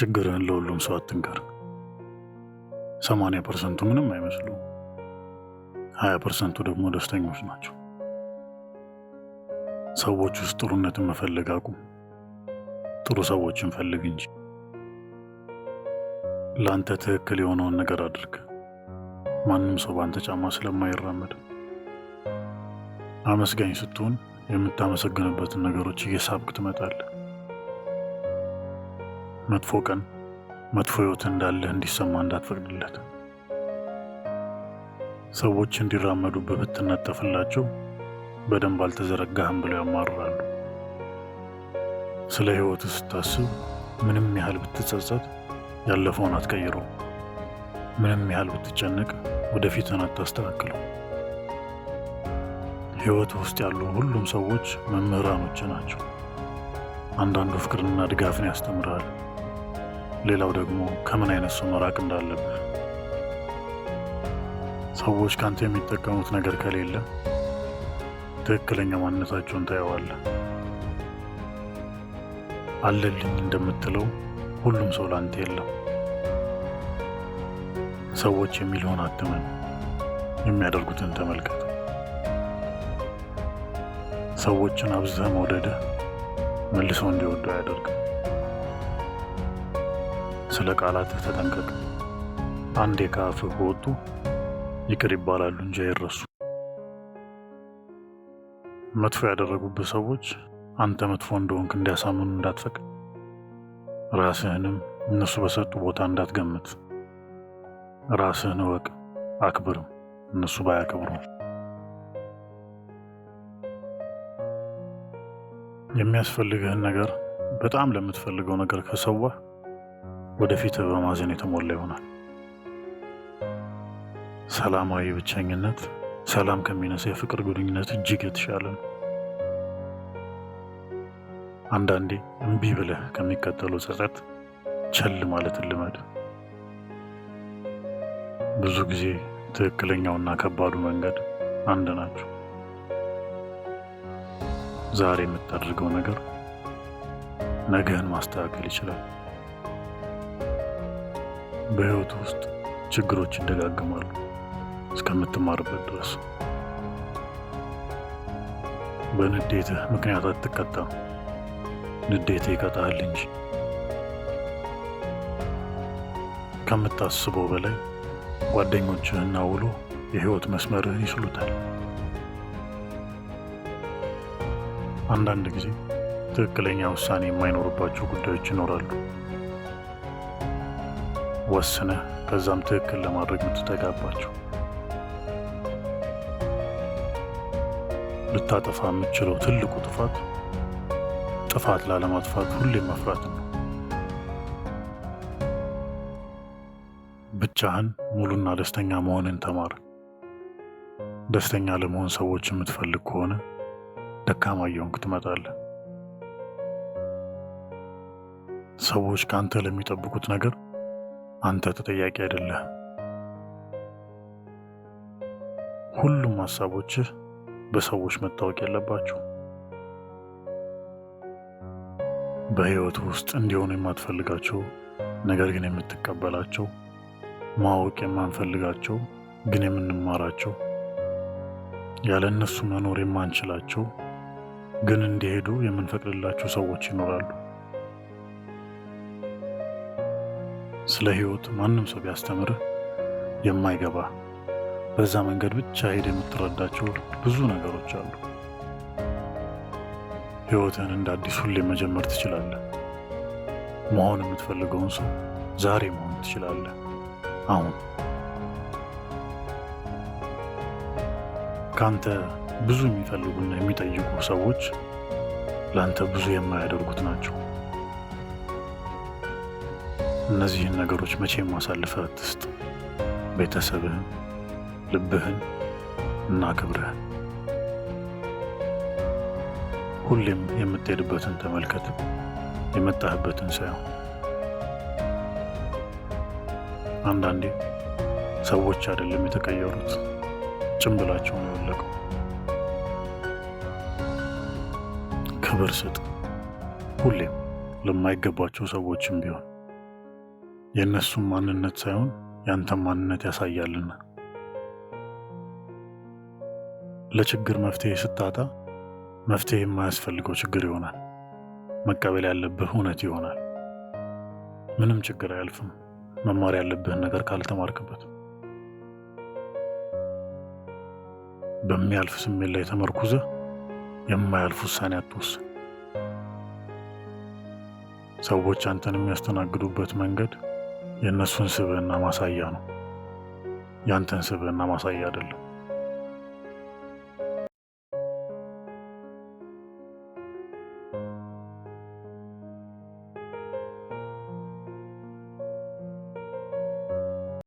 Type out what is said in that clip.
ችግርህን ለሁሉም ሰው አትንገር። ሰማንያ ፐርሰንቱ ምንም አይመስሉም፣ ሀያ ፐርሰንቱ ደግሞ ደስተኞች ናቸው። ሰዎች ውስጥ ጥሩነትን መፈለግ አቁም። ጥሩ ሰዎችን ፈልግ እንጂ ለአንተ ትክክል የሆነውን ነገር አድርግ። ማንም ሰው በአንተ ጫማ ስለማይራመድ አመስጋኝ ስትሆን የምታመሰግንበትን ነገሮች እየሳብክ ትመጣለህ። መጥፎ ቀን መጥፎ ህይወት እንዳለህ እንዲሰማ እንዳትፈቅድለት። ሰዎች እንዲራመዱ ብትነጠፍላቸው በደንብ አልተዘረጋህም ብለው ያማርራሉ። ስለ ህይወት ስታስብ ምንም ያህል ብትጸጸት ያለፈውን አትቀይረው። ምንም ያህል ብትጨነቅ ወደፊትን አታስተካክለው። ህይወት ውስጥ ያሉ ሁሉም ሰዎች መምህራኖች ናቸው። አንዳንዱ ፍቅርና ድጋፍን ያስተምራል። ሌላው ደግሞ ከምን አይነት ሰው መራቅ እንዳለብህ። ሰዎች ከአንተ የሚጠቀሙት ነገር ከሌለ ትክክለኛ ማንነታቸውን ታየዋለህ። አለልኝ እንደምትለው ሁሉም ሰው ለአንተ የለም። ሰዎች የሚልሆን አትመን፣ የሚያደርጉትን ተመልከት። ሰዎችን አብዝተህ መውደድህ መልሰው እንዲወዱ አያደርግም። ስለ ቃላትህ ተጠንቀቅ። አንዴ ከአፍህ ከወጡ ይቅር ይባላሉ እንጂ አይረሱ። መጥፎ ያደረጉብህ ሰዎች አንተ መጥፎ እንደሆንክ እንዲያሳምኑ እንዳትፈቅድ፣ ራስህንም እነሱ በሰጡ ቦታ እንዳትገምት። ራስህን እወቅ፣ አክብርም እነሱ ባያከብሩ። የሚያስፈልግህን ነገር በጣም ለምትፈልገው ነገር ከሰዋህ ወደፊት በማዘን የተሞላ ይሆናል። ሰላማዊ ብቸኝነት ሰላም ከሚነሳ የፍቅር ግንኙነት እጅግ የተሻለ ነው። አንዳንዴ እምቢ ብለህ ከሚከተሉ ጸጸት ቸል ማለት ልመድ። ብዙ ጊዜ ትክክለኛውና ከባዱ መንገድ አንድ ናቸው። ዛሬ የምታደርገው ነገር ነገህን ማስተካከል ይችላል። በህይወት ውስጥ ችግሮች ይደጋግማሉ እስከምትማርበት ድረስ። በንዴትህ ምክንያት አትቀጣም፣ ንዴትህ ይቀጣል እንጂ። ከምታስበው በላይ ጓደኞችህና ውሎ የህይወት መስመርህን ይስሉታል። አንዳንድ ጊዜ ትክክለኛ ውሳኔ የማይኖርባቸው ጉዳዮች ይኖራሉ። ወስነ በዛም ትክክል ለማድረግ የምትተጋባቸው ልታጠፋ የምችለው ትልቁ ጥፋት ጥፋት ላለማጥፋት ሁሌም መፍራት ነው። ብቻህን ሙሉና ደስተኛ መሆንን ተማር። ደስተኛ ለመሆን ሰዎች የምትፈልግ ከሆነ ደካማ እየሆንክ ትመጣለህ። ሰዎች ከአንተ ለሚጠብቁት ነገር አንተ ተጠያቂ አይደለ ሁሉም ሀሳቦችህ በሰዎች መታወቅ የለባቸው። በህይወት ውስጥ እንዲሆኑ የማትፈልጋቸው ነገር ግን የምትቀበላቸው፣ ማወቅ የማንፈልጋቸው ግን የምንማራቸው፣ ያለ እነሱ መኖር የማንችላቸው ግን እንዲሄዱ የምንፈቅድላቸው ሰዎች ይኖራሉ። ስለ ህይወት ማንም ሰው ቢያስተምርህ የማይገባ በዛ መንገድ ብቻ ሄደ የምትረዳቸው ብዙ ነገሮች አሉ። ህይወትን እንደ አዲስ ሁሌ መጀመር ትችላለህ። መሆን የምትፈልገውን ሰው ዛሬ መሆን ትችላለህ። አሁን ካንተ ብዙ የሚፈልጉና የሚጠይቁ ሰዎች ለአንተ ብዙ የማያደርጉት ናቸው። እነዚህን ነገሮች መቼም ማሳልፈህ አትስጥ። ቤተሰብህን፣ ልብህን እና ክብርህን ሁሌም የምትሄድበትን ተመልከት፣ የመጣህበትን ሳይሆን። አንዳንዴ ሰዎች አይደለም የተቀየሩት ጭንብላቸውን የወለቀው። ክብር ስጥ ሁሌም ለማይገባቸው ሰዎችም ቢሆን። የእነሱን ማንነት ሳይሆን ያንተም ማንነት ያሳያልና ለችግር መፍትሄ ስታጣ መፍትሄ የማያስፈልገው ችግር ይሆናል። መቀበል ያለብህ እውነት ይሆናል። ምንም ችግር አያልፍም፣ መማር ያለብህን ነገር ካልተማርክበት። በሚያልፍ ስሜት ላይ ተመርኩዘ የማያልፍ ውሳኔ አትወስን። ሰዎች አንተን የሚያስተናግዱበት መንገድ የእነሱን ስብዕና ማሳያ ነው። ያንተን ስብዕና ማሳያ አይደለም።